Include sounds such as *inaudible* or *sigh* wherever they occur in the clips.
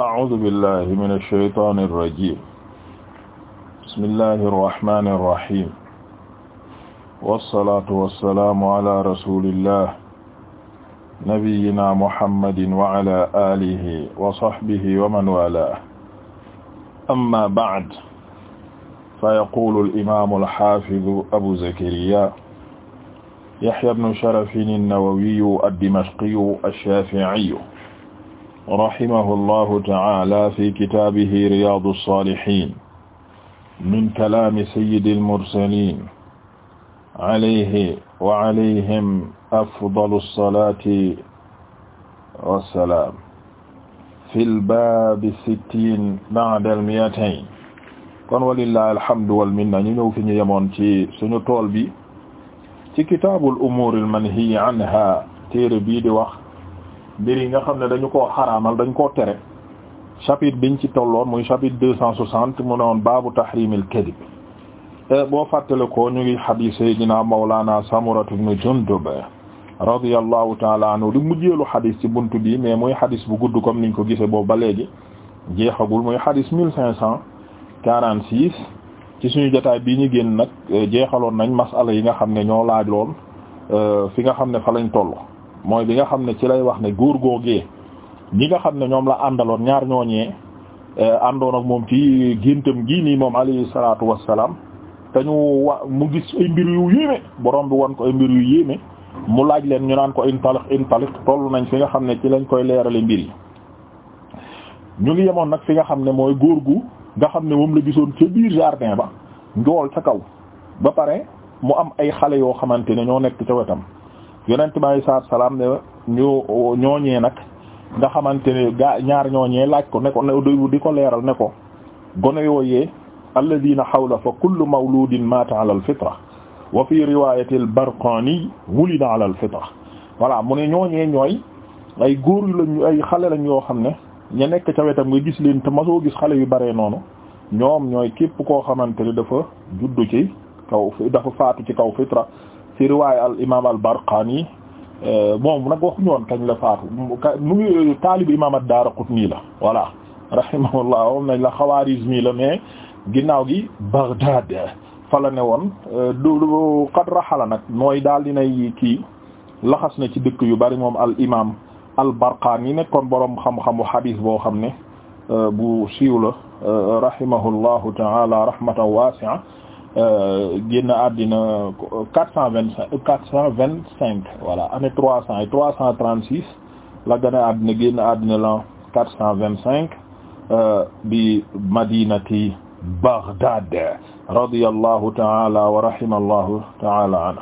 أعوذ بالله من الشيطان الرجيم بسم الله الرحمن الرحيم والصلاة والسلام على رسول الله نبينا محمد وعلى آله وصحبه ومن والاه أما بعد فيقول الإمام الحافظ أبو زكريا يحيى بن شرف النووي الدمشقي الشافعي rahimahullahu ta'ala fi kitaabihi riyaadu saalihiin min kalaami sayyidil mursaliin alayhi wa alayhim afdalu salaati wa salaam fil baabi sittiin ba'dal mi'atayn kon walillahi alhamdu wal minna ñu ñëw fi ñu yemoon ci suñu tool bi ci kitaabul umuuril manhiyyi anhaa téere bii di wax mbir yi nga xam ne dañu koo xaraamal dañ koo tere chapitre biñ ci tolloon muy chapitre deux cent soixante mu ne woon baabu tahrimil kadib eh, boo fàttale ko ñu ngi hadith sayyidina mawlana samuratu ibn jundub radiyallahu taala anhu di mujjeelu hadith ci bunt bii mais muy hadith bu gudd comme niñ ko gisee boobu ba léegi jeexagul muy hadith mille cinq cent quarante six ci suñu jotaay bii ñu génn nag jeexaloon nañ masala yi nga xam ne ñoo laaj lool eh, fi nga xam ne fa lañ toll mooy bi nga xam ne ci lay wax ne góor googee ñi nga xam ne ñoom la àndaloon ñaar ñooñee eh, àndoon ak moom ci géntam gi nii moom alayhi salaatu wassalaam te ñu wa mu gis ay mbir yu yéeme borom bi won ko ay mbir yu yéeme mu laaj leen ñu naan ko intalik intalik toll nañ fi nga xam ne ci lañ koy leerale mbir ñu ngi yemoon nag fi nga xam ne mooy góor gu nga xam ne moom la gisoon ca biir jardin ba njool sa kaw ba pare mu am ay xale yoo xamante ne ñoo nekk ca wetam yonent bi alayhi salaatu salaam ne ñu ñooñee nag nga xamante ne gaa ñaar ñooñee laaj ko ne ko ne di ko leeral ne ko gone yooyee alladina xawla fa kullu mawludin mata ala al fitra wa fi riwayati al barqani wulida ala al fitra voilà mu ne ñooñee ñooy ay góor lañ ay xale lañ yoo xam ne ña nekk ca wetam nga gis leen te masoo gis xale yu bare noonu ñoom ñooy képp koo xamante ne dafa juddu ci kaw dafa faatu ci kaw fitra ci riwaayu al imaam al Barqaani moom nag waxuñu woon kañ la faatu mu imaam ad-Daaraqutni la voilà rahimahullah moom nañ la Xawaarizmi la mais ginnaaw gi Baghdad fa woon du qad raxala nag mooy daal dinay kii laxas na ci dëkk yu bari moom al imaam al nekkoon boroom xam-xamu xadiis boo xam ne bu siiwla la rahimahullahu ta'ala rahmatan Euh, génn àddina quatre cent vingt cinq euh, quatre cent vingt cinq voilà année trois cent et trois cent trente six la gane àddina génn àddina l'an quatre cent vingt cinq bi euh, madinati Baghdad radiyallahu ta'ala wa rahimallahu ta'ala anhu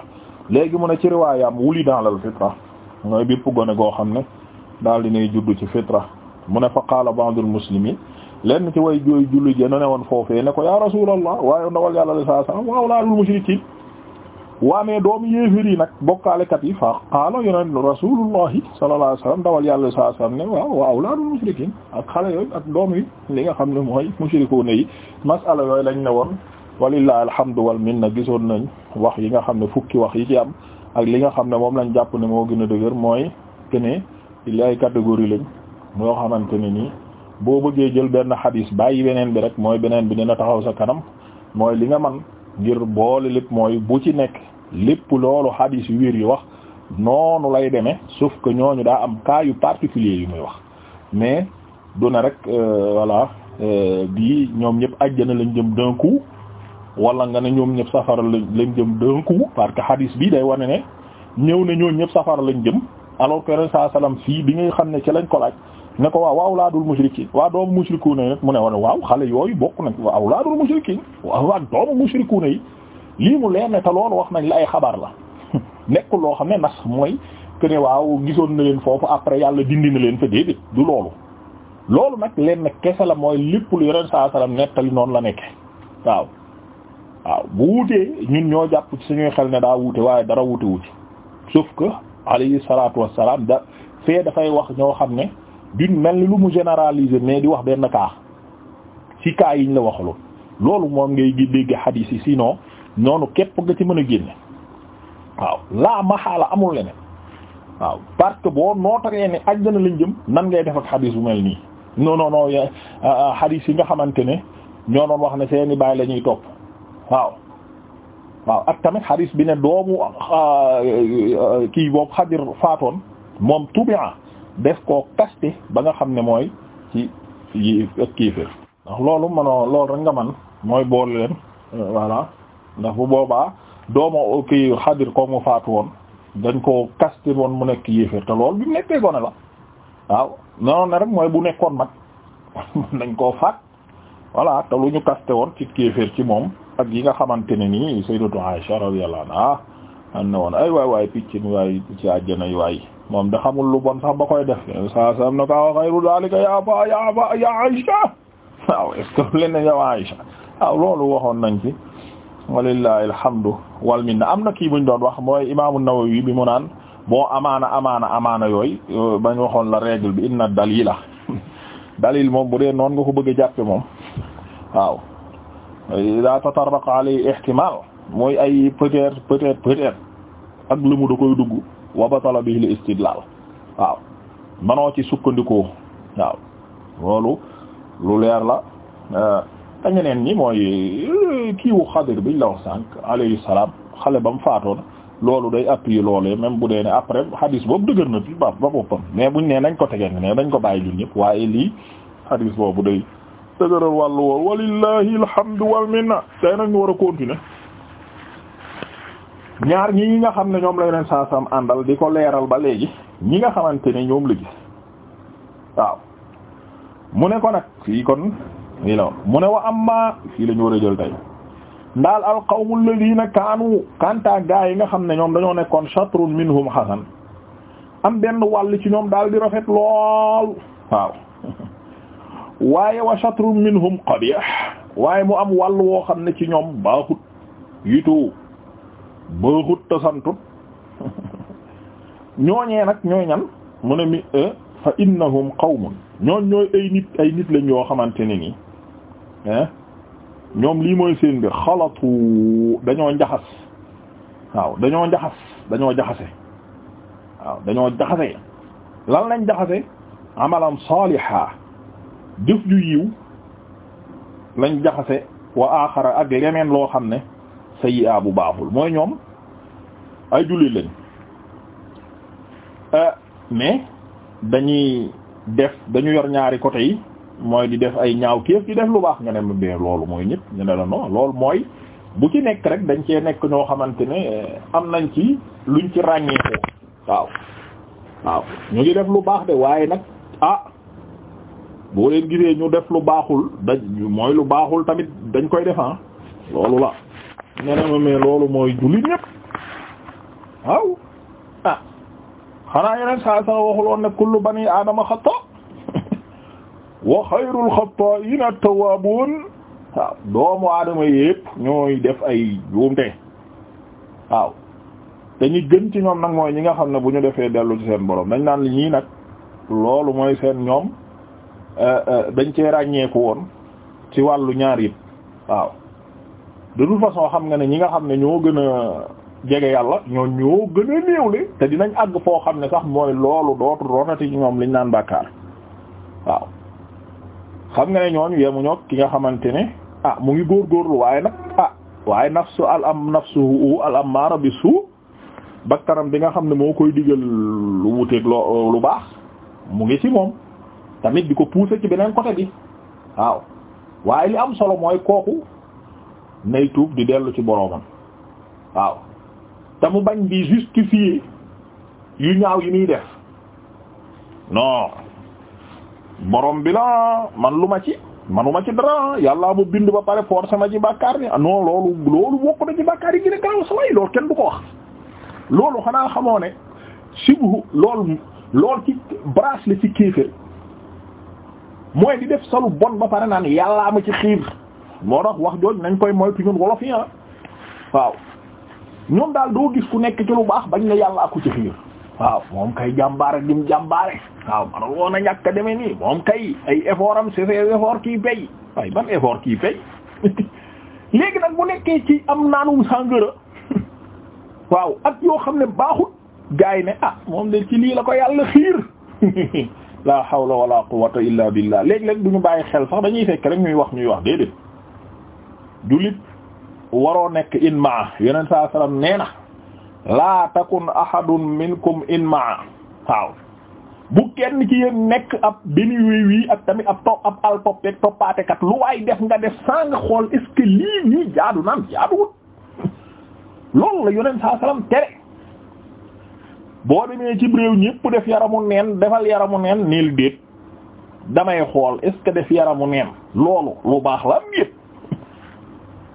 léegi mu ne ci riwaayam wulida alal fitra mooy bépp gone goo xam ne daal dinay juddu ci fitra mu ne fa qaala ba'dul muslimin lenn ci way jooy julli jëna ne woon foofee ne ko ya rasulallah waaye ndawal yàlla la saa saa waaw laa lul mushrikiin doom doomu yéeféri nag bokkaalekat yi fa qaala yoneen rasulullahi sallallahu alayhi wasallam ndawal yàlla saa saa ne waaw waaw laa lul ak xale yooyu ak doom yi li nga xam ne mooy mushrikuuna yi masala yooyu lañ ne woon walillahi alhamdu wal na gisoon nañ wax yi nga xam ne fukki wax yi ci am ak li nga xam ne moom lañ jàpp ne moo gën a dëgër mooy kene li ay xamante ne nii boo bëggee jël benn xadis bàyyi beneen bi rek mooy beneen bi na taxaw sa kanam mooy li nga man ngir boole lépp mooy bu ci nekk lépp loolu xadis yu wér yi wax noonu lay deme sauf que ñooñu daa am cas yu particulier yu muy wax mais du ne rek euh, voilà euh, bii ñoom ñëpp ajjana lañ jëm d'un walla nga ne ñoom ñëpp safara lañ jëm d'un coup parce que xadis bi day wane ne ñëw ne ñoom ñëpp safara lañ jëm alors que rasul sallam fii bi ngay xam ne ci lañ ko laaj ne ko waaw wa awlaadul mushrikiin waa doomu mushrikuuna yi nag mu ne woon waaw xale yooyu bokk nañ wa awlaadul mushrikiin waaw waa doomu mushrikuuna yi lii mu leen ne te loolu wax nañ la ay xabaar la *laughs* nekkul loo xam ne nas mooy que ne waaw gisoon na leen foofu après yàlla dindi na leen fa déedéet du loolu. loolu nag leen kese la mooy lépp lu yore saa salaam nettali noonu la nekke waaw waaw bu wutee ñun ñoo jàpp ci suñuy xel ne daa wute waaye dara wute wuti sauf que alayhi salaatu wassalaam da fee wax ñoo xam ne. di mel ni lu mu généraliser mais di wax benn cas ci cas yiñ la waxaloon loolu moom ngay dégg xadiis yi sinon noonu képp nga ci mën a génne waaw laa maxaala amul leneen waaw parce que boo nootaree ne àjjana lañ jëm nan ngay def ak xadiis bu mel nii non non non xadiis yi nga xamante ne ñoo doon wax ne seeni baay lañuy topp waaw waaw ak tamit xadiis bi ne doomu kii boobu xadir faatoon moom tubi'a des koo kaste ba nga xam ne mooy ci yi ak ndax loolu manoo lool rek nga man mooy boole leen voilà ndax bu boobaa doomu kii xadir ko mu faatu woon dañ koo kaste woon mu nekk yéeféer te lool bi nekkee gone la waaw noonu ne rek mooy bu nekkoon mag *laughs* dañ koo faat voilà te lu ñu kaste woon ci kéeféer ci moom ak yi nga xamante ne nii sayyidatu Aisha na woon ay waay waay picc mi waay ci àjjana yi waay moom da xamul lu bon sax ba koy def saa sam na ko xayru daalika ya ba ya ba ya Aïcha waaw est-ce que len yow Aïcha waaw loolu waxoon nañ ci walillahi alhamdu wal am na kii buñ doon wax mooy imaamu Nawawi bi mu naan bon amaana amaana amaana yooyu bañ waxoon la règle bi inna dalila *laughs* dalil moom bu dee noon nga ko bëgg a jàppe moom waaw la tatarraq alayhi ihtimal mooy ay peut-être ak lu da koy dugg wa batala bihi al istidlal waaw manoo ci sukkandikoo waaw loolu lu leer la eh, te ñeneen ñi mooy eh, kiiwu xadir biñ la wax sànq alayhi salaam xale ba mu faatoon loolu day appuyer loolee même bu dee ne après hadis boobu dëgër na ba ba boppam mais buñ nee nañ ko tegee ne dañ ko bàyyi ñun ñëpp waaye lii hadis boobu day dëgëral wàllu woowu walillahi alhamdu wal minna tey nag ñu war a continuer ñaar ñi nga xam ne ñoom la yeneen saasam àndal di ko leeral ba léegi ñi nga xamante ne ñoom la gis waaw mu ne ko nag fii kon lii la mu ne wa amma fii la ñu war a jël tey ndaal al qawmu alladina kaanu kanta gaa yi nga xam ne ñoom dañoo nekkoon shatrun minhum hasan am benn wàll ci ñoom daal di rafet lool waaw *laughs* waaye wa shatrun minhum qabih waaye mu am wàll woo xam ne ci ñoom baaxut yitu baaxut te ñooñee nag ñooy ñan mu ne mi eh, fa innahum qawmun ñooñ ñooy ay nit ay nit lañ yoo xamante ne nii eh, ñoom lii mooy seen bi xalatu dañoo njaxas waaw dañoo njaxas dañoo jaxase waaw dañoo jaxase lan lañ jaxase amalan saliha jëf ju yiw lañ jaxase wa axara ak leneen loo xam ne sayyi'a bu baaxul mooy ñoom ay jullit lañ euh, mais dañuy def dañu yor ñaari côté yi mooy di def ay ñaaw kéef di def lu baax nga ne ma bee loolu mooy ñëpp ñu ne la non loolu mooy bu ci nekk rek dañ cee nekk ñoo xamante ne euh, am nañ ci luñ ci ràññee ko waaw waaw ñu ngi def lu baax de waaye nag a ah, boo leen gisee ñu def lu baaxul dañ mooy lu baaxul tamit dañ koy def ah. loolu la nga ne loolu mooy jullit ñëpp waaw ah xanaa yeneen saa saa waxuloon ne kullu bani aadama xata *laughs* wa xayrul xattaa'ina at-tawwaabuun waaw doomu aadama yépp ñooy def ay juumte waaw te gën ci ñoom nag mooy ñi nga xam ne bu ñu defee dellu ci seen borom dañ naan li ñii nag loolu mooy seen ñoom eh, eh, dañ cee ràññeeku woon ci wàllu ñaar yëpp waaw de toute façon xam nga ne ñi nga xam ne ñoo gën a jege yàlla ñoo ñoo gën a néewle te dinañ àgg foo xam ne sax mooy loolu dootu roonati ci ñoom liñ naan bàkkaar waaw xam nga ne ñooñu yemuñoo ki nga xamante ne ah mu ngi góor góorgóorlu waaye nag ah waaye nafsu al am nafsuhu al am ammaara bi suu bakkaram bi nga xam ne moo koy digal lu wuteeg loo lu baax mu ngi ci moom tamit di ko pousser ci beneen côté bi waaw waaye li am solo mooy kooku nay tuub di dellu ci boroomam waaw te mu bañ di justifier yu ñaaw yi muy def non borom bi la man lu ma ci man ma ci dara yàllaa mu bind ba pare forcé ma ci bàkkaar ni ah, non loolu loolu bokk na ci bàkkaar yi gën a gaaw saway kenn du ko wax loolu xanaa xamoo ne sibhu loolu loolu ci bracelet ci kéefër mooy di def salu bon ba pare naan yàllaa ma ci xiir moo tax wax jooj nañ koy moytu ñun wolof yi ah. waaw ñoom daal doo gis ku nekk ci lu baax bañ ne yàlla aku ci xiir waaw moom kay jàmbaare dim jàmbaare waaw manal woon a ñàkk a demee nii moom kay ay effort am c'est des efforts qui paye ban effort kii paye *laughs* léegi nag bu nekkee ci am naanum sàngara *laughs* waaw ak yoo xam ne baaxut gars yi ne ah moom de ci lii la ko yàlla xiir la *laughs* hawla wala quwwata illa billah léegi-léeg du ñu bàyyi xel sax dañuy fekk rek ñuy wax ñuy wax déedéet jullit waroo nekk in maa yeneen saa salaam nee na laa takun ahadun minkum in maa waaw bu kenn ci yéen nekk ab benn wii ak tamit ab al toppeeg toppaatekat lu waay def nga def saa nga xool est ce que lii nii jaadu naan jaaduwut loolu la yonent saa salaam tere boo demee ci réew ñépp def yaramu neen defal yaramu neen niil déet damay xool est def yaramu neen loolu lu baax la am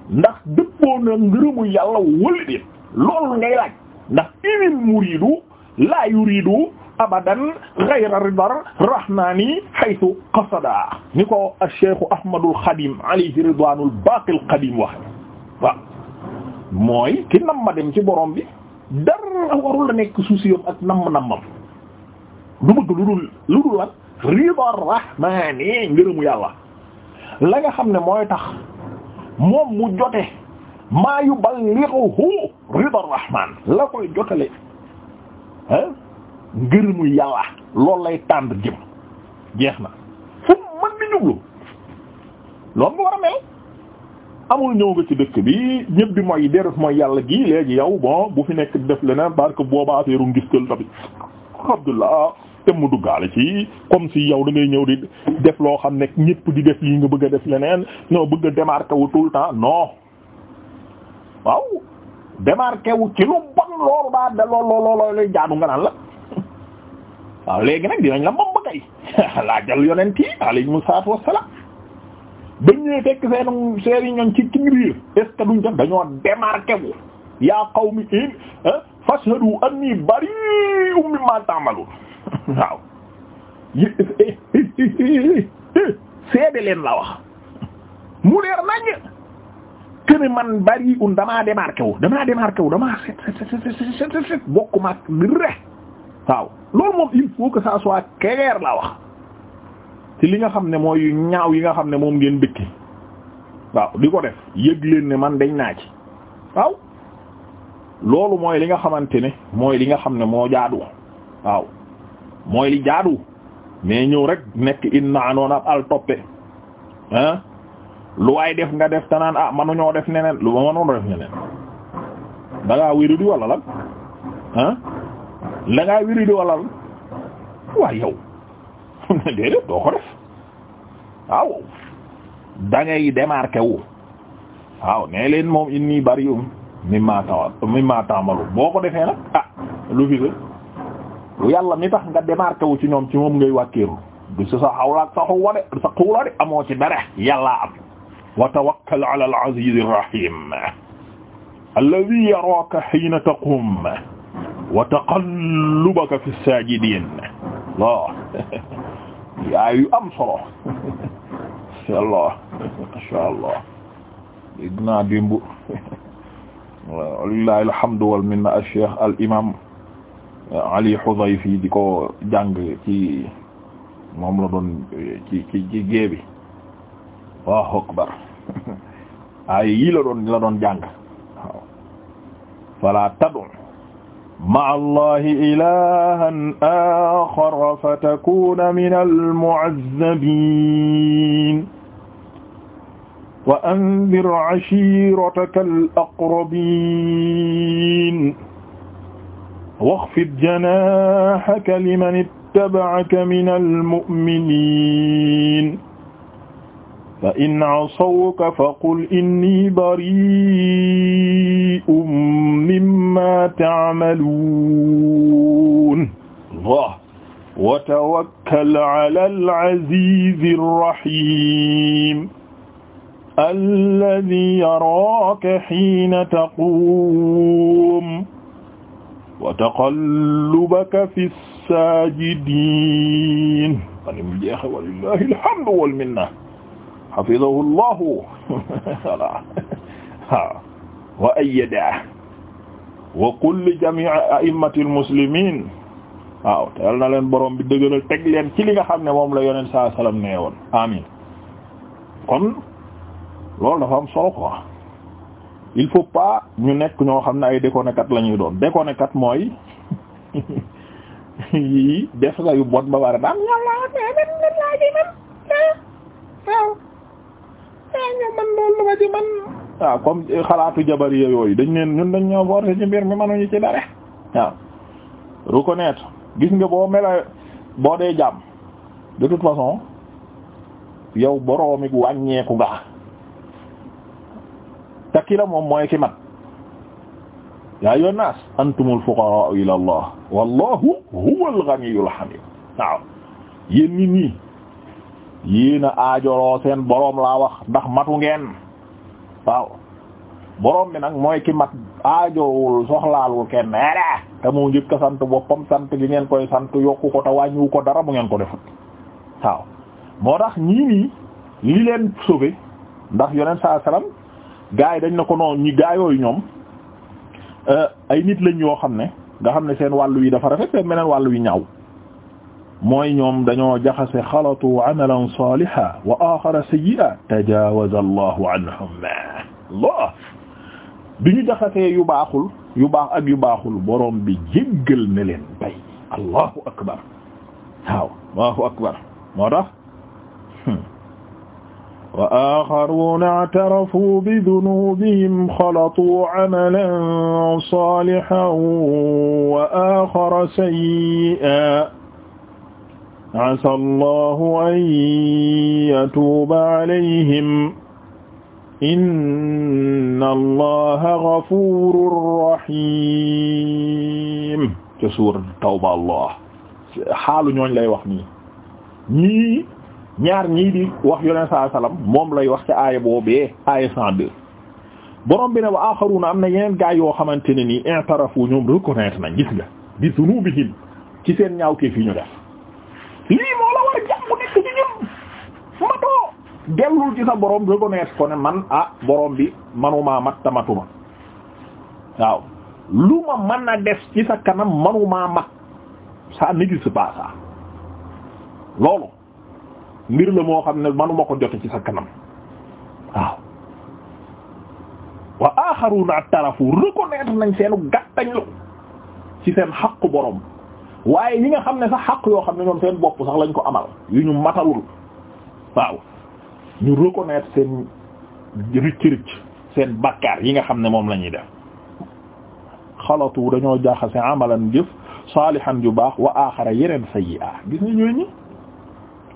ndax dëppoo na ngërëmu yàlla wëli dén loolu ngay laaj ndax inil muriidu laa yuriidu abadan ghayra ridar rahmani haythu qasada ni ko acheikhu ahmadul xadim alayhi ridwanul baqil qadim waxe waaw mooy ki nam ma dem ci borom bi dara warul la nekk souci ak namm-nammam lu bëgg lu dul lu dul lan ridar xam ne mooy tax moom mu jote maa yuballighuhu rida rahman la koy jotale ah mu yàlla lool lay tànd jëm jeex na fu mën di jublu loolu mu war a mel amul ñëw nga ci dëkk bi ñëpp di mooy deret mooy yàlla gi léegi yow bon bu fi nekk def leneen parce que boobaa affaire u ngistal te mu duggaale ci comme si yow da ngay ñëw di def loo xam ne ñépp di def lii nga bëgg a def leneen ñoo bëgg a démarquer wu tout le temps non waaw démarquer wu ci lu bon loolu daa de lool lool lay jaadu nga naan la waaw léegi nag dinañ la mën ba kay *laughs* yi alayhimu salaatu wassalaam ba ñëwee fekk seen seen i ñoom ci ci biir est ce que duñ def dañoo démarquer wu yaa qawmi in eh, fashhadu anni bari'un mimma ta'malun waaw seede leen la wax mu leer nañ kene man bari un damaa démarqué wu damaa démarqué wu damaa set set set set set bokk maag re waaw loolu moom il faut que ça soit la wax ci li nga xam ne mooy ñaaw yi nga xam ne moom ngeen dëkki waaw di ko def yëg leen ne man dañ naa ci waaw loolu mooy li nga xamante ne mooy li nga xam ne moo jaadu waaw mooy li jaadu mais ñëw rek nekk inna anoon ab al toppe ah lu waay def nga def tanaan ah manuñoo def neneen lu manuñoo def neneen da ngaa di wala lan ah da ngaa wéru di wala lan waaye yow *laughs* déedéet doo ko def waaw da ngay démarqué wu waaw nee leen moom inni bari'um mimma ta'malu boo ko defee nag ah lu fi yàlla mi tax nga démarqué wu ci ñoom ci moom ngay wàkkeeru du si sa xawlaak sa xuwa de sa xuula de amoo ci dara yàllaa am wa tawakkal ala al-aziz ar-rahim alladhi yaraka hina taqum wa taqallubaka fi as-sajidin Allah yaayu am solo inshallah inshallah dégg naa dimbu walillahi alhamdu wal minna al-cheikh al imam Ali Hudayfi di ko jàng ci moom la doon ci ci ci géebi waaw akbar *laughs* ay yii la doon la doon jàng waaw fala tad'u ma'a Allahi ilahan akhar fatakuna min al-mu'azzabin wa anzir 'ashirataka al-aqrabin waxfid janaahaka liman ittaba'aka minal mu'miniin fa in asawka faqul inni bari'un mimmaa ta'maluun Allah wa tawakkal 'alal 'aziizir rahiim alladhii yaraaka hiina taquum wa taqallubaka fi saajidiin ani mu jeexe walillahi alhamdu wal minna hafidahu llahu voilà waaw wa ayyadah wa qul li jamii a'immati almuslimin waaw te yal na leen borom bi dëgëral teg leen ci li nga xam ne moom la yonent saa sallam nee woon amin kon loolu dafa am solo quoi il faut pas ñu nekk ñoo xam ne ay déconnekat la ñuy doon déconnekat mooy *laughs* yi def nga yu bon ba war a daan xalaatu jabar yooyu dañ leen ñun dañ ñoo forcé ci mbir mi mënuñu ci dara waaw reconnaître gis nga boo mela boo dee jàmm de toute façon yow boroomi wàññeeku nga te ki moom mooy ki mat yaa ayyuhan naas antumul fuqaraa ila allah wallahu huwal ghaniyyul hamid waaw yéen nit ñi yéen a aajoroo seen boroom laa wax ndax matu ngeen waaw boroom bi nag mooy ki mat aajowul soxlaalul kenn dara te moo njëkk a sant boppam sant gi ngeen koy sant yokku ko te wàññiwu ko dara bu ngeen ko defut waaw moo tax ñii nii leen sauvé ndax yonent saa salaam gars yi dañ na ko noonu ñi gaa yooyu ñoom euh, ay nit lañ yoo xam ne nga xam ne seen wàll wi dafa rafet seen beneen wàllu wi ñaaw mooy ñoom dañoo jaxase xalatu amalan saliha wa axara ñu jaxasee yu baaxul yu baax ak yu baaxul boroom bi jéggal na leen bay allahu akbar waaw allahu akbar moo tax hmm. wa axaruuna i'tarafuu bidunuubihim xalatuu amalan saalihan wa axara sayyi'an asaa Allahu an yatuuba alayhim inna Allaha gafuurun rahiim. ca suurat Tawba Allah xaalu ñooñ lay wax nii ñii ñaar ñii di wax yoneen saa salaam moom lay wax ca aaya boobee aaya 102 borom bi ne wa axaruna am na yeneen gaay yoo xamante ne nii i'tarafu ñoom reconnaître nañ gis nga bi zunubihim ci seen ñaawteef yi ñu def lii moo la war a jàmm nekk ci ñun matoo dellul ci sa borom reconnaître ko ne man ah borom bi manuma mat tamatuma waaw lu ma mën na def ci sa kanam manuma mat ça n'existe pas loolu mbir la moo xam ne manuma ko jote ci sa kanam waaw wa axaruna tarafu reconnaître nañ seenu gàttañ lu ci seen xaq borom waaye yi nga xam ne sax xaq yoo xam ne ñoom seen bopp sax lañ ko amal yu ñu matalul waaw ñu reconnaître seen ricc ricc seen bakkaar yi nga xam ne moom lañuy def xalatu dañoo seen amalan jëf saalihan yu baax wa axara yeneen sayyi'a gis nga ñooñu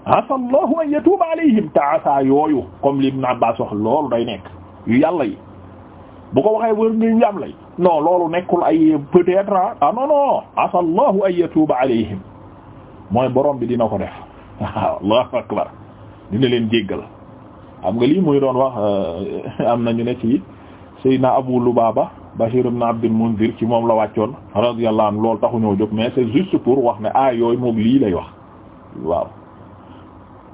asa llahu an yatuuba alayhim te asa yooyu comme li Ibn Abbas wax loolu day nekk yu yàlla yi bu ko waxee wër ngi lay non loolu nekkul ay peut-être ah, ah non non an yatuuba alayhim mooy borom bi dina ko def waaw *laughs* allahu akbar dina leen jéggal xam nga lii muy doon wax eh, am nañu ne ci Seydina Abu Lubaba Bashir ibn Abdul Munzir ci moom la wàccoon radiyallahu anhu loolu taxuñoo jóg mais c'est juste pour wax ne ah yooyu moom lii lay wax waaw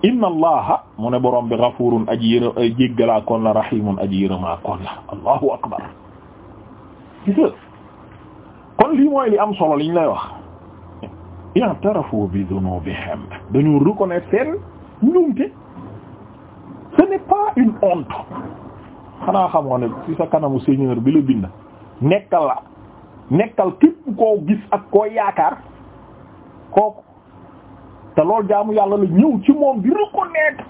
inna allaha mu ne borom bi ghafurun aji yërë jéggalaa koon la rahimun yërëmaa koon la akbar kon lii mooy li am solo liñ lay wax i'tarafu bi dhunubihim dañu reconnaître seen njuumte ce n'est pas une honte xanaa xamoo ne ci sa kanamu seigneur bi la bind nekkal nekkal képp koo gis ak koo yaakaar kooku te loolu jaamu yàlla la ñëw ci moom di reconnaître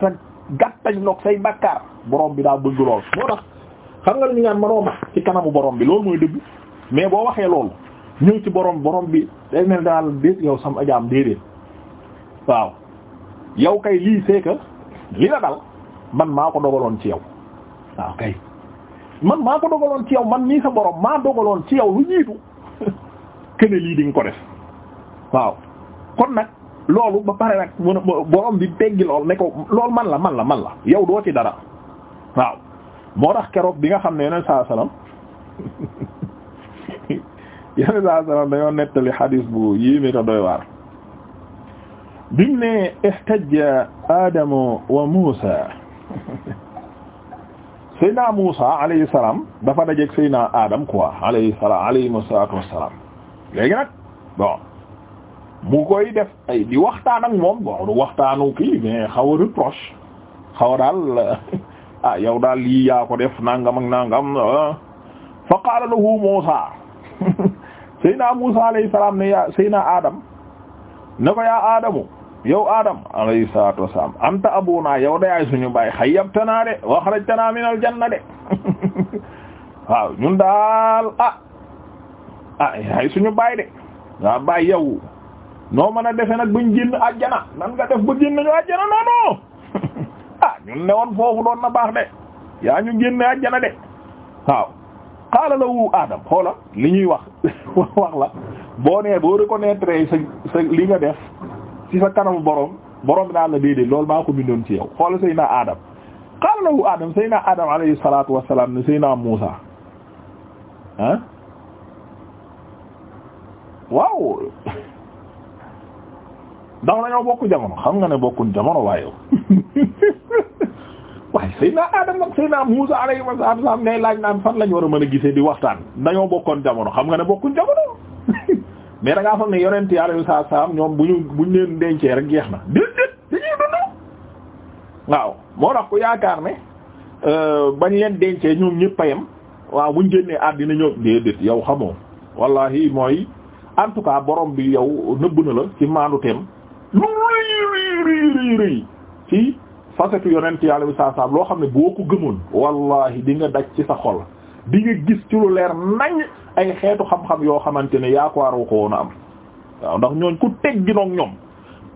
sa gàttañ loog say bakkaar borom bi daa bëgg lool moo tax xam nga lu ñu naan mënoo ci kanamu borom bi loolu mooy dëgg mais boo waxee loolu ñëw ci boroom boroom bi day mel daal déet yow sama jaam déedéet waaw yow kay lii c'est que li la dal man maa ko dogaloon ci yow waaw kay man maa ko dogaloon ci yow man nii sa boroom maa dogaloon ci yow lu jiitu kene *laughs* lii di ko def waaw kon nag loolu ba pare nag borom bi teggi lool ne ko loolu man la man la man la yow doo ci dara waaw moo tax keroog bi nga xam ne yeneen saa salaam *laughs* yeneen saa salaam dañoo nettali xadiis bu yéeme te doy waar bimu ne ihtajja Adamu wa Muusa *laughs* Seydina Muusa alayhi dafa dajeek Seydina Adam quoi alayhi salaam alayhi nag bon mu koy def ay di waxtaan ak moom bon du waxtaanu kii mais xaw a reproche xaw daal *laughs* ah yow daal lii yaa ko def nangam ak nangam ah. fa qaala lahu Muusaa *laughs* Seydina Muusaa alayhi Adam ne ko Adamu yow Adam alayhi salaatu wassalaam anta abunaa yow de yaay suñu baay xayyabtanaa de wa axrajtanaa minal janna de *laughs* waaw ñun daal ah ah suñu baay de baay yow. noo mën a defe nag buñ génn àjjana nan nga def ba génn ñu àjjana noonu *laughs* ah ñun ne woon foofu doon na baax de yaa ñu génn àjjana de waaw qaala lahu Adam xoola li ñuy wax *laughs* wax la boo nee boo reconnaître sa sa li nga def ci sa kanamu borom borom bi daal la déedéet loolu maa ko bindoon ci yow xoola Seyna Adam qaala lahu Adam Seyna Adam alayhi salaatu wa salaam Seyna Muusa ah waaw. *laughs* ndax dañoo bokk jamono xam nga ne bokkuñ jamono waaye *laughs* waaye Seydina Adama ak Seydina Muusa alayhi salaam ngay laaj naan fan lañ war a mën a gisee di waxtaan dañoo bokkoon jamono xam nga ne bokkuñ jamono *laughs* mais da ngaa foog ne yonent alayhi salaam ñoom bu ñu bu ñu leen dencee rek jeex na déedéet dañuy dund. yaakaar ne euh, bañ leen dencee ñoom ñëpp a waaw buñ génnee àddina ñoom déedéet yow xamoo wallahi mooy en tout cas borom bi yow nëbb na la ci maandu lu rëy rëy rëy rëy yonent yàlla bi saa saam loo xam ne boo ko gëmoon wallahi di nga daj ci sa xol di nga gis ci lu leer nañ ay xeetu xam-xam yoo xamante ne yaakaaru ko woon a am waaw ndax ñooñ ku tegginoog ñoom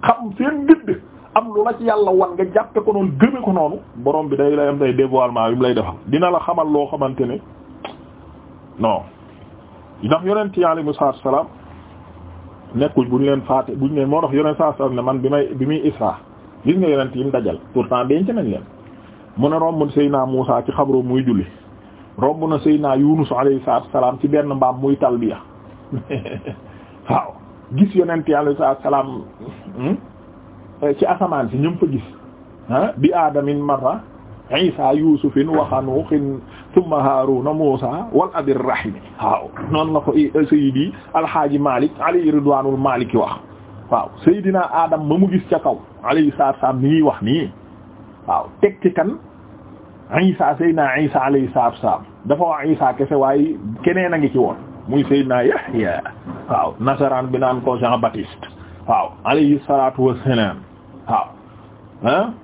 xam seen gëdd am lu la yàlla wal nga jàppe ko noonu gëme ko noonu borom bi day la yam day dévoilement bi mu lay defal dina la xamal loo xamante ne non ndax yonent yàlla bi saa salaam nekkul bu ñu leen faate bu ñu leen moo tax yoneen saa sallam ne man bi may bi muy isra gis nga yonent yi mu dajal pourtant denc nañ leen mu ne romb Seydina Muusa ci xabru muy julli romb na Seydina Yunus alayhi salaatu salaam ci benn mbaam muy talbiya *laughs* waaw gis yonent yi alayhi salaatu salaam hmm? eh, ci asamaan si ñu fa gis ah, bi aadamin marra Isa Yuusufin wa Xanuuxin tumma Haaruna Muusa wal abir rahimi waaw noonu la ko euh, Seydi Alxaaji Malik alayhi ridwaanul Maliki wax waaw Seydina Adam ma mu gis ca kaw alayhi salaatu salaam ni ñuy wax nii waaw teg ci kan Isa Seydina Isa alayhi salaatu salaam dafa wax Isa kese waaye keneen a ngi ci woon muy Seydina Yahya waaw nasaraan bi naan ko Jean Baptiste waaw alayhi salaatu wassalaam waaw ah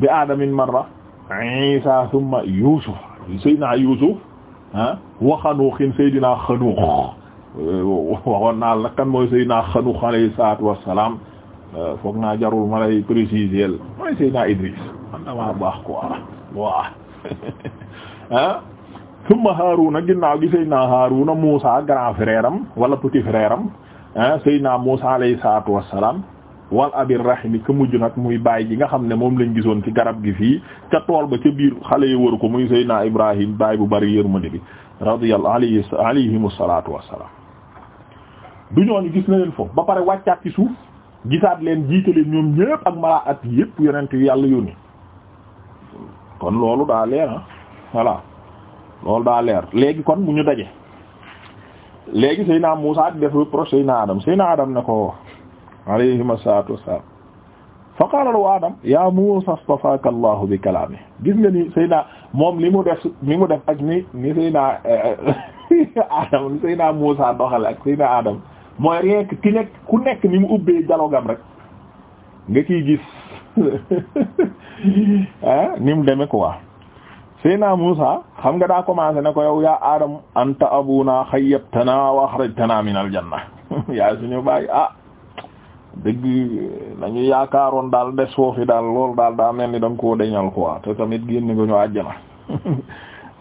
bi aadamin marra Isa thumma Yuusuf Seydina Yuusuf ah waxanuuxin Seydina Xanuux waxoon naa la kan mooy Seydina Xanuux alayhi salaatu wassalaam foog naa jarul ma lay préciser mooy Seydina Idris man damaa baax ko ara waa ah summa Haaruna ginnaaw gi Seydina Haaruna Muusa grand frère wala petit freeram am ah Muusa alayhi salaatu wassalaam wal abir rahimi ka mujj nag muy baay ji nga xam ne moom lañ gisoon ci garab gi fii ca tool ba ca biir xale yi wër ko muy Seydina Ibrahim baay bu bari yërmande bi radiyallahu alayhi alayhimu salaatu wassalaam du ñooñu gis na leen foofu ba pare wàccaat ci suuf gisaat leen jiite leen ñoom ñëpp ak malaat yëpp yonent yu yàlla yónni kon loolu daa leer ah voilà loolu daa leer léegi kon mu ñu daje léegi Seydina Muusaa def reproche Seydina Adam Seydina Adam ne ko alayhim asalatu wassalam fa qaala lahu adam ya Muusaa istafaaka Allahu bi kalaami gis nga ni Seydina moom li mu def ni mu def ak ni ni Seydina eh, *laughs* adam ni Seydina Muusaa ak Seydina adam mooy rien ku nekk ni mu ubbee dialogue-am rek nga ciy gis *laughs* eh, ni mu demee quoi Seydina Muusaa xam nga daa commencé na ko yow yaa adam anta abuna xayyabtana wa axrajtana min aljanna *laughs* yaa suñu baay ah dëgg lañu yaakaaroon daal des foofu daal loolu daal daa mel ni da nga koo deñal quoi te tamit génn nga ñu àjjana *laughs*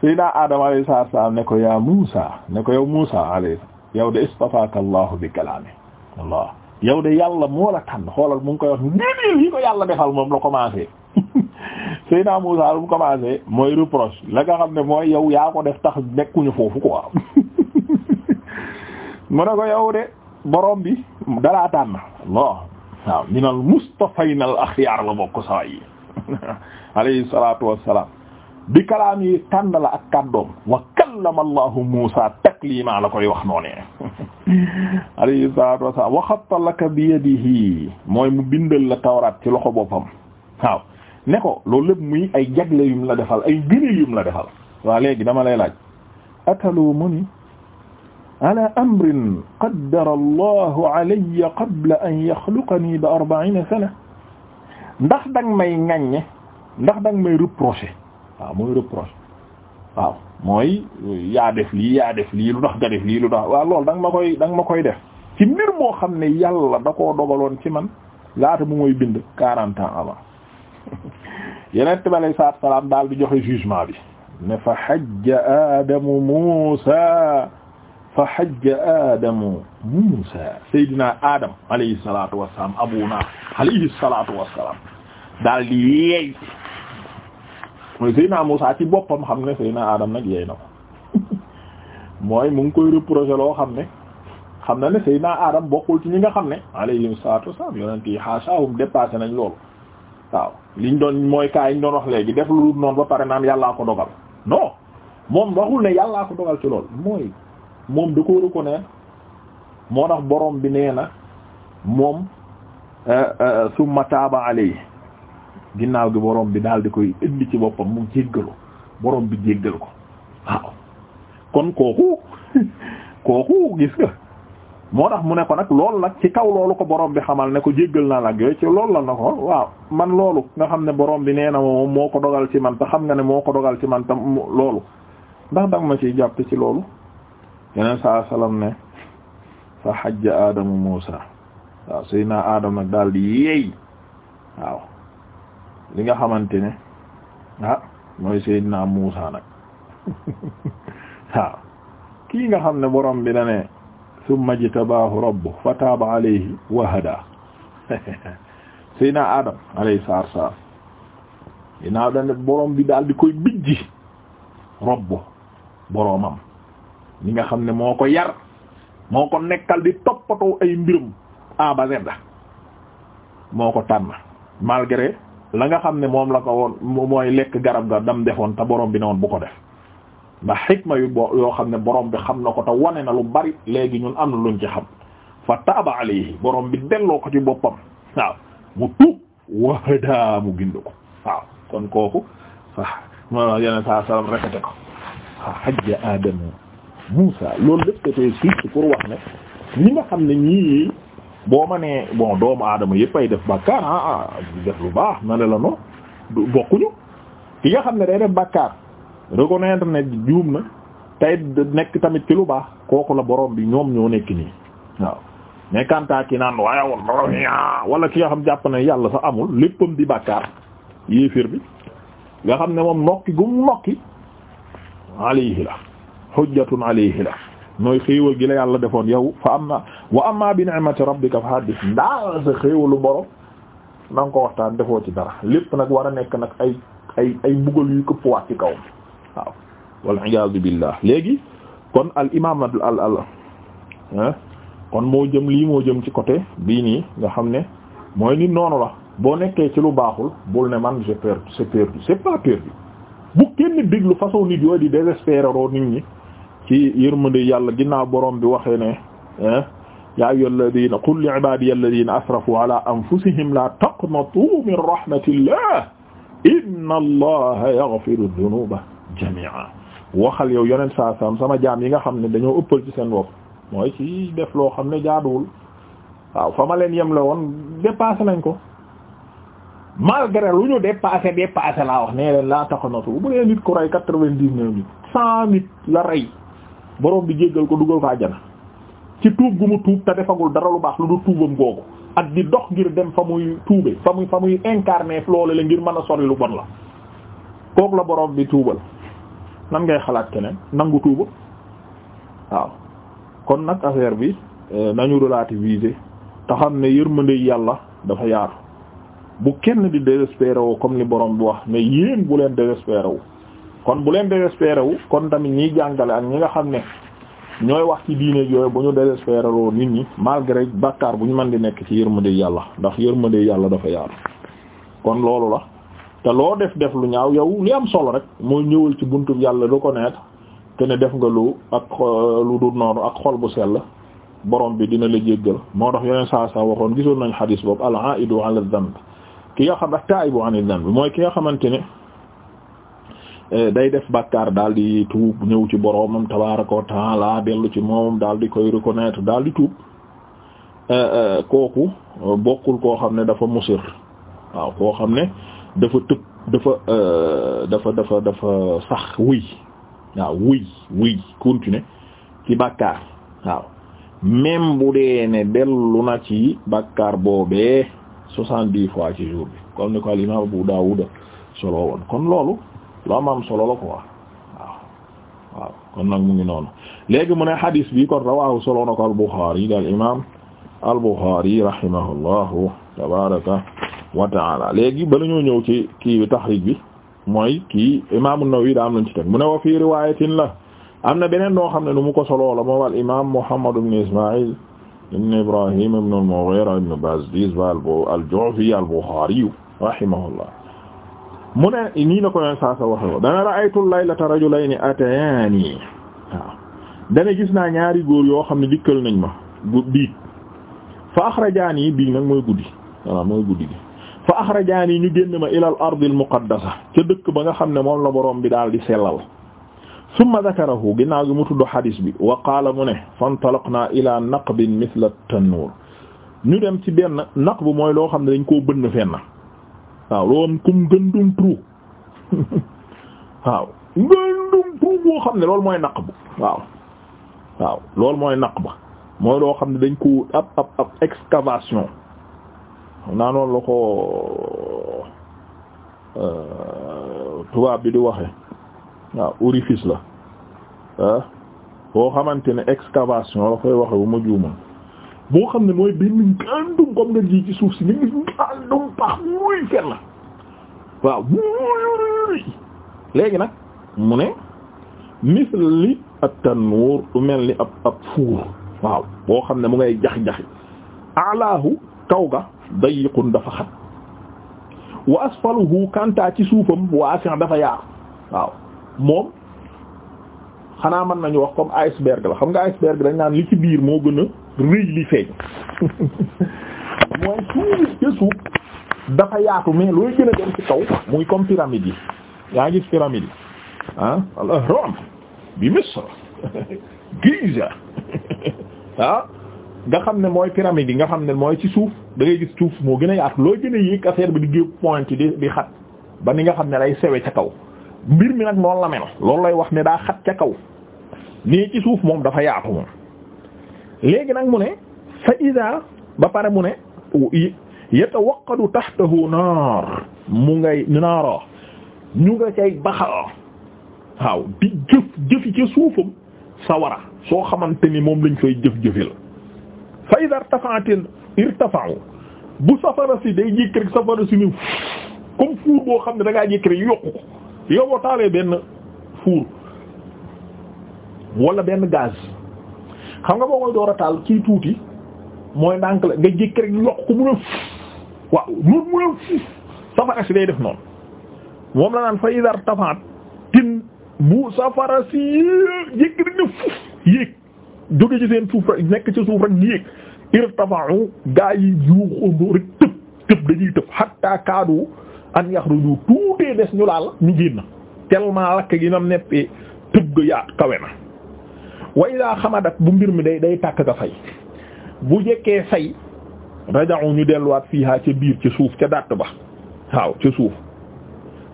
Seydina Adama alayhi salaam ne ko yaa Muusa ne ko yow Muusa alayhi yow de istafaaka Allahu bi kalaami Allah yow de yàlla moo la tànn xoolal mu ngi koy wax nii lii ko yàlla defal moom la commencé *laughs* Seydina Muusa lu mu commencé mooy reproche la nga xam ne mooy yow yaa ko def tax nekkuñu foofu quoi *laughs* mu ne ko yow de borom bi dalaa tànn. Allah waaw minal mustafayna al axyaar la bokk saa yi *laughs* alayhi salaatu wassalaam bi kalaam yi ak kàddoom wa kallama allahu Muusaa takliima la koy wax noonee *laughs* alayhi salaatu wassalaam wa xatta laka bi yadihi mooy mu bindal la tawraat ci loxo boppam waaw ne ko loolu lépp muy ay jagle yum la defal ay gëneel yum la defal waaw léegi dama lay laaj atalumuni ala amrin qaddara allahu alayya qabla an yaxluqani bi arbaina sana ndax dang may ŋaññe ndax dang may reproché waaw mooy reproché waaw mooy yaa def lii yaa def lii lu tax nga def lii lu tax waaw loolu danga ma koy danga ma koy def ci mbir moo xam ne yàlla da koo dogaloon ci man laata mu mooy bind quarante ans avant *laughs* yeneen bi alay salaam daal di joxe jugement bi ne fa hajja aadamu muusa fa xaj Adamu Muusa Seydina Adam alayhi salaatu wa salaam abuna alayhi salaatu wa salaam daal di yeey mooy Muusa ci boppam xam ne Seydina Adam nag yeey na ko *laughs* mooy mu ngi koy reprocher loo xam ne xam na ne Seydina Adam bokkul ci ñi nga xam ne alayhi salaatu wa salaam yonent yi xaasaahum dépassé nañ lool waaw liñ doon mooy kaa yiñ doon wax léegi def lu noonu ba pare naan yàllaa ko dogal non moom waxul ne yàllaa ko dogal ci lool mooy. moom da ko reconnaître moo tax boroom bi nee na moom eh, eh, summa taaba alayhi ginnaaw gi boroom bi daal di koy indi ci boppam mu jéggalu borom bi jéggal ko waaw kon kooku *laughs* kooku gis nga moo tax mu ne ko nag lool nag ci kaw loolu ko borom bi xamal ne ko jéggal naa nag yooyu ci loolu la na ko waaw man loolu nga xam ne boroom bi nee na moom moo ko dogal ci man te xam nga ne moo ko dogal ci man tam loolu ndax danga ma ciy jàpp ci loolu. yeneen saa salaam ne fa xajja Adamu Muusa waaw Adam nag daal di yeey waaw li nga xamante ne ah mooy Seydina Muusa nag *laughs* ki nga xam ne borom bi na ne summa jtabaahu rabbuhu fa taaba alayhi wa hadaa *laughs* Adam alayhi salaatu salaam ginnaaw da borom bi daal di koy bijji rabbuhu boromam. ñi nga xam ne moo ko yar moo ko nekkal di toppatoo ay mbirum A ba Z moo ko tànn malgré la nga xam ne moom la ko woon mooy lekk garab ga dam defoon te borom bi ne woon bu ko def ndax xikma yu bo yoo xam ne borom bi xam na ko te wane na lu bari léegi ñun am na luñ ci xam fa taaba yi borom bi delloo ko ci boppam waaw mu tuub waadaa mu gind ko waaw kon kooku waaw moo yeneen saa Moussa loolu lépp c'était juste pour wax ne ñi nga xam ne ñii boo ma nee bon doomu aadama yëpp ay def bàkkaar ah ah def lu baax na ne la non bokkuñu ki nga xam ne day def bàkkaar reconnaître ne juum na tey nekk tamit ci lu baax kooku la boroom bi ñoom ñoo nekk nii waaw mais kantaa ki naan waaye ah, wala ki nga xam jàpp na yàlla sax amul léppam di bàkkaar yéefir bi nga xam ne moom nokki gum nokki alayhi la hujjatun alayhi la mooy xéewal gi la yàlla defoon yow fa am na wa amma bi ni'mati rabbika fa haddith ndaal sa xéewalu borom na ko waxtaan defoo ci dara lépp nag war a nekk nag ay ay ay mbugal yu këpp waat ci kaw waaw wal iyaazu billah léegi kon al imam al al al ah, kon moo jëm lii moo jëm ci côté bii nii nga xam ne mooy nit noonu la boo nekkee ci lu baaxul bul ne man j'ai perdu c'est perdu c'est pas perdu bu kenn déglu façon nit yooyu di désespérer nit ñi ci yërmande yàlla ginnaaw borom bi waxee ne eh, yaa ayyuhal ladina qul li ibadiyal ladina asrafu ala anfusihim la taqnatu min rahmatillah inna allaha yaghfiru dhunuba jami'a waxal yow yonent saa sam sama jaam yi nga xam ne dañoo ëppal ci seen bopp mooy ci def loo xam ne jaaduwul waaw fa ma leen yemle woon dépassé nañ ko malgré lu ñu dépassé dépassé laa wax nee leen laa taqnatu bu nit ku rey quatre-vingt-dix-neuf la rey borom bi jéggal ko dugal ko àjjana ci tuub gu mu tuub te defagul dara lu baax lu du tuubam googu ak di dox ngir dem fa muy tuube fa muy fa muy loolu la ngir mën a sori lu bon la kook la borom bi tuubal nan ngay xalaat keneen nangu tuuba waaw kon nag affaire bi euh, nañu relativiser te xam ne yërmande yàlla dafa yaatu bu kenn di désespéré wu comme ni borom bi wax mais yéen bu leen désespéré kon bu leen désespéré wu kon tamit ñiy jàngale ak ñi nga xam ne ñooy wax ci diine yooyu bu ñu désespéré woo nit ñi malgré bàkkaar bu ñu mën di nekk ci yërmande yàlla ndax yërmande yàlla dafa yaatu kon loolu la te loo def def lu ñaaw yow li am solo rek mooy ñëwal ci buntu yàlla reconnaître te ne def nga lu ak euh, lu dul noonu ak xol bu sell borom bi dina la jéggal moo tax yeneen saa saa waxoon gisoon nañ xadiis boobu al aidu ala dhanb ki nga xam ak mooy ki nga xamante ne Eh, day def bàkkaar daal di tuub ñëw ci boroomam tabaaraka wa la dellu ci moom daal di koy reconnaître daal di tuub eh, eh, kooku bokkul koo xam ne dafa musir waaw koo xam ne dafa tëb dafa dafa dafa dafa sax wuy waaw wuy wuy continuer ci bàkkaar waaw même bu dee ne dellu na ci bàkkaar boobee soixante-dix fois ci jour bi comme ni ko al imam Abu Dawud solo woon kon loolu lu am solo la quoi waaw waaw kon nag mu ngi noonu léegi mu ne xadis bi kon rawahu solo na ko al-Bukhari daal imaam al-Bukhari rahimahullahu tabaraka wa taala léegi bala ñoo ñëw ci kii bi taxrij bi mooy kii imaam an-Nawawi daa am lañ ci teg mu ne wa fii riwaayatin la am na beneen noo xam ne nu mu ko soloo la moom al imaam Muhammad ibn Ismaa'il ibn Ibrahim ibn al-Mughira ibn Bazdiz al-Ju'fi al-Bukhari rahimahullah mu ne nii la ko yoneen saa sa waxewo dana ra'aytu laylata rajulayni atayaani waaw dana gis naa ñaari góor yoo xam ne dikkal nañ ma biig fa axrajaani biig nag mooy guddi voilà mooy guddi gi fa axrajaani ñu génn ma ila al ardil muqaddasa ca dëkk ba nga xam ne moom la borom bi daal di sellal summa dakarahu ginnaaw gi mu tudd xadis bi wa qaala mu ne fantalaqnaa ila naqbin mithla tannuur ñu dem ci benn naqb mooy loo xam ne dañ koo bënn fenn waaw loolu kum ngëndum trou *laughs* waaw ngëndum trou boo xam ne loolu mooy naq bu waaw waaw loolu mooy naq ba mooy loo xam ne dañ ko ab ab excavation naa noonu la ko euh, tubaab bi di waxe waaw orifice la boo xamante ne excavation la koy waxe bu ma juumal boo xam ne mooy benn ngandum comme nga ji ci suuf si nga gis ngandum pax muy fer na waaw léegi nag mu ne misli at mel ni ab waaw boo xam ne mu ngay jax-jaxi alaahu kaw ga dayiqun dafa xat wa asfaluhu kanta ci suufam waasi' dafa yaa waaw moom xanaa mën nañu wax comme iceberg la xam nga iceberg dañ naan li ci biir moo gën a rëy li feeñ *laughs* mooy suuf ca suuf dafa yaatu mais looy gën a dem ci kaw muy comme pyramide yi yaa gis pyramide yi ah al ahram bi Misr *laughs* Giza *laughs* ah nga xam ne mooy pyramide yi nga xam ne mooy ci suuf da ngay gis suuf moo gën a yaatu looy gën a yéeg affaire bi di point di di xat ba ni nga xam ne lay sewe ca kaw mbir mi nag noonu la mel loolu lay wax ne daa xat ca kaw nii ci suuf moom dafa yaatu moom léegi nag mu ne fa ida ba pare mu ne yatawaqadu tahtahu naar mu ngay naara ñu nga cay baxal waaw di jëf jëfi ca suufam sawara soo xamante ni moom lañ koy jëf-jëfi la fa ida irtafa'atin irtafa'u bu safara si day jékk rek safara si ni comme fuur boo xam ne da ngaa jékk rek yokku yow boo benn fuur wala benn gaz xam nga boo koy door a taal kii tuuti mooy ndànk la nga jékki rek yokk ko mu ne waaw noonu mu ne safara si day def noonu moom la naan fa idar tafaat tin bu safara si jékki rek ne fuf yéeg jóge ci seen suuf rek nekk ci suuf rek yéeg irtafa'u gaa yi yuuxandoo rek tëb tëb dañuy tëb hatta kaadu an yaxruju tuutee des ñu laal ñu génn tellement lakk gi nam neppee tëb ga yaat kawe na wa idaa xamadat bu mbir mi day day tàkk ka fay bu jekkee fay raja'u ñu delluwaat fiiha ca biir ca suuf ca dàtt ba waaw ca suuf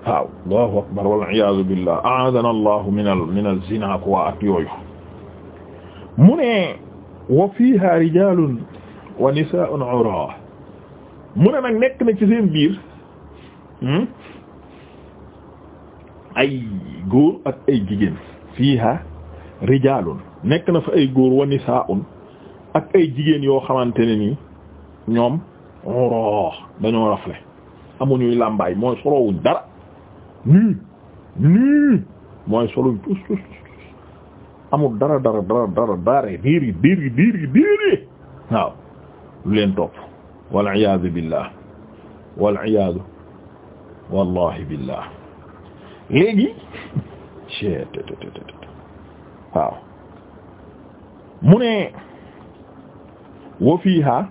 waaw allahu akbar wal iyaazu billah a'aadana allahu min al min al zina ko waa ak yooyu mu ne wa fiiha rijalun wa nisaa'un uraa mu ne nag nekk na ci seen biir hmm? ay góor ak ay jigéen fiiha rijalun nekk na fa ay góor wa nisaa'un ak ay jigéen yoo xamante ne ni ñoom ro dañoo rafle amuñuy làmbaay mooy solowuñ dara nii nii mooy soluñ tus tus amul dara dara dara dara daare diiri diiri diiri diiri waaw lu leen topp wal iyaadu billah wal iyaadu wallahi billah léegi *laughs* cettt waaw mu ne wa fiiha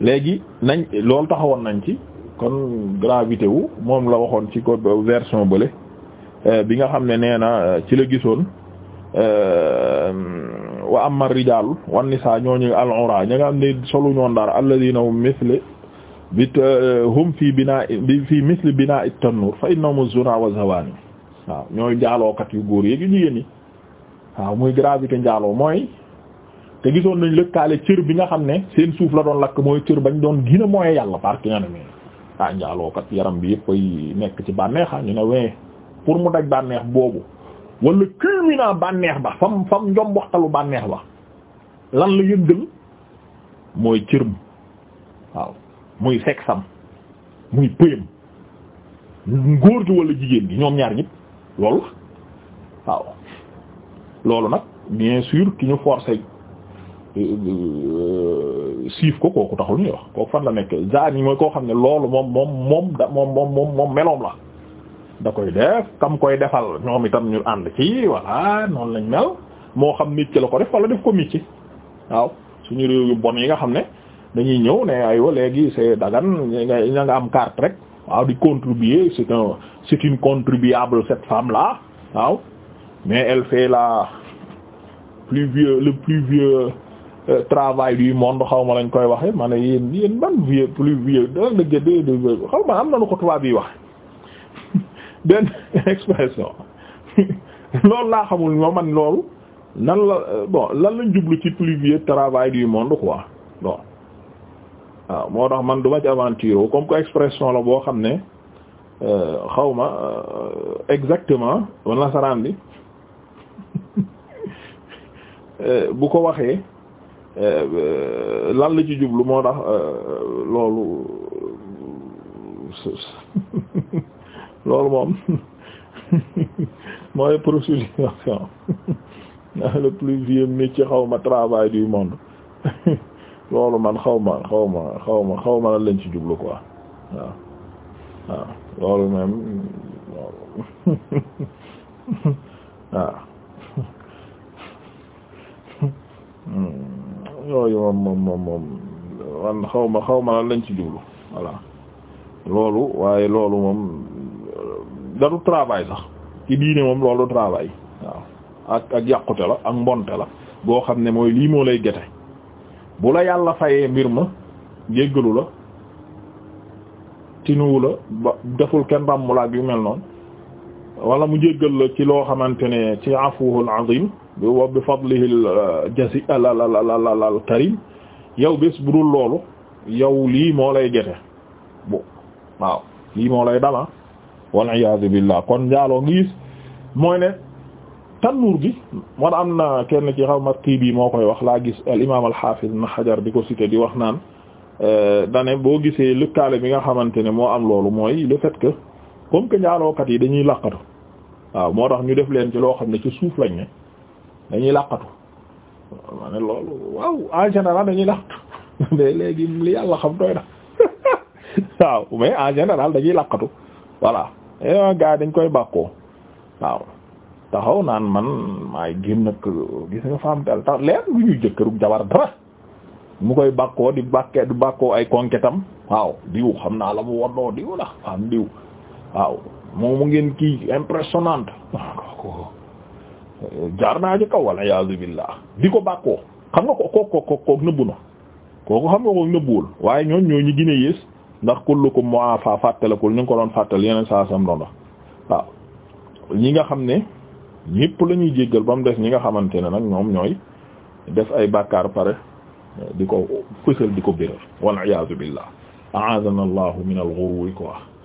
léegi nañ loolu taxawoon nañ ci kon gravité wu moom la waxoon ci ko version bële euh, bi nga xam ne nee na euh, ci la gisoon euh, wa amma rijal wan nisa ñooñu al ura ña nga am ne solu ñoon dara alladina hum misle bi hum fii bina fii misle bina it tannour fa innahum zuna wa zawani waaw ñooy jaalookat yu góor yéegi jigéen ñi waaw muy gravité njaaloo mooy te gisoon nañ lëkkaale cër bi nga xam ne seen suuf la doon lakk mooy cër bañ doon gina mooy yàlla parce que nga ne mais ah njaalookat yaram bi yëpp ay nekk ci bànneexa ah ñu ne wee pour mu daj bànneex boobu wala culminant bànneex ba fam fam njom waxtalu bànneex ba lan la yëngal mooy cërm waaw muy sexam muy pëyam ngóor gi wala jigéen gi ñoom ñaar ñëpp loolu waaw loolu nag bien sûr ki ñu forcé euh, siif ko kooku taxul ñuy wax kooku fan la nekk zani mooy koo xam ne loolu moom moom moom moom moom moom moom meloom la da koy def kam koy defal ñoom itam ñu ànd ci voilà noonu lañ mel moo xam métier la ko def wala def ko métier waaw suñu réew yu bon yi nga xam ne dañuy ñëw ne aywa léegi c'est dagan ña nga am carte rek waaw di contribuer c'est un c'est une contribuable cette femme là waaw mais elle la plus vieux le plus vieux euh, travail du monde xaw ma lañ koy waxe ma ne yéen yéen ban vieux plus vieux da dëgg de xaw ma am na lu ko tubaab yi wax *laughs* benn *laughs* expression *laughs* loolu laa xamul ma man loolu nan la euh, bon lan lañ jublu ci plus vieux travail du monde quoi bon waaw ah, moo tax man du ma ci comme que expression la boo xam ne euh, xaw ma exactement wala nasaraan bi Euh, bu ko waxee euh, lan la ci jublu moo tax euh, loolu *laughs* loolu moom *laughs* mooy prostitution *laughs* le plus vieux métier xaw ma travail du monde loolu man xaw ma xaw ma xaw ma xaw ma lan lañ ci jublu quoi waaw waaw loolu même waaw. yooyu moom moom moom moom man ma xaw ma lan lañ ci jublu voilà loolu waaye loolu moom euh, da du travail sax ci diine moom loolu travail waaw ak ak yàqute la ak mbonte la boo xam ne mooy lii moo lay gete bu la yàlla fayee mbir ma jéggalu la tinuwu la ba deful kenn ràmmulaak yu mel noonu wala mu jéggal la ci loo xamante ne ci afuwul azim bi wa bi euh, al karim yow bés bu loolu yow lii moo lay gete bu waaw lii lay dama ah. wal iyaadu billah kon njaaloo ngi gis mooy ne tannuur gi man am na kenn ci xaw ma kii bii moo koy wax laa gis al imaam al xaafiz na xajar di ko cité di wax naan euh, dane boo gisee lëkkaale bi nga xamante ne moo am loolu mooy le fait que comme que njaalookat yi dañuy làqatu waaw moo tax ñu def leen ci loo xam ne ci suuf lañ ne dañuy làqatu ma ne loolu waaw en général dañuy làqatu *laughs* mais léegi li *laughs* en général dañuy làqatu voilà dañ koy bàkkoo waaw taxaw naan man maay gén nag gis nga femme tel tax lu ñuy jëkkërug jabar dara mu koy bàkkoo di bàkke di bàkkoo ay konketam waaw diw xam naa la mu wonnoo diw la am diw waaw moom mu ngeen kii impressionnante jaar naa ci kaw walla iyaazu billaah di ko bàkkoo xam nga ko ko ko ko nëbbu na kooku xam nga ko nëbbuwul waaye ñooñ ñoo ñu gën a yées ndax kullukum mu'afa ñu ngi ko doon fàttal yeneen saa sam doon waaw ñi nga xam ne ñépp lañuy ñuy jéggal ba mu des ñi nga xamante ne nag ñoom ñooy def ay bàkkaar pare di ko fësal di ko biral wal iyaazu billaah a'aadana allahu min al-ghurur quoi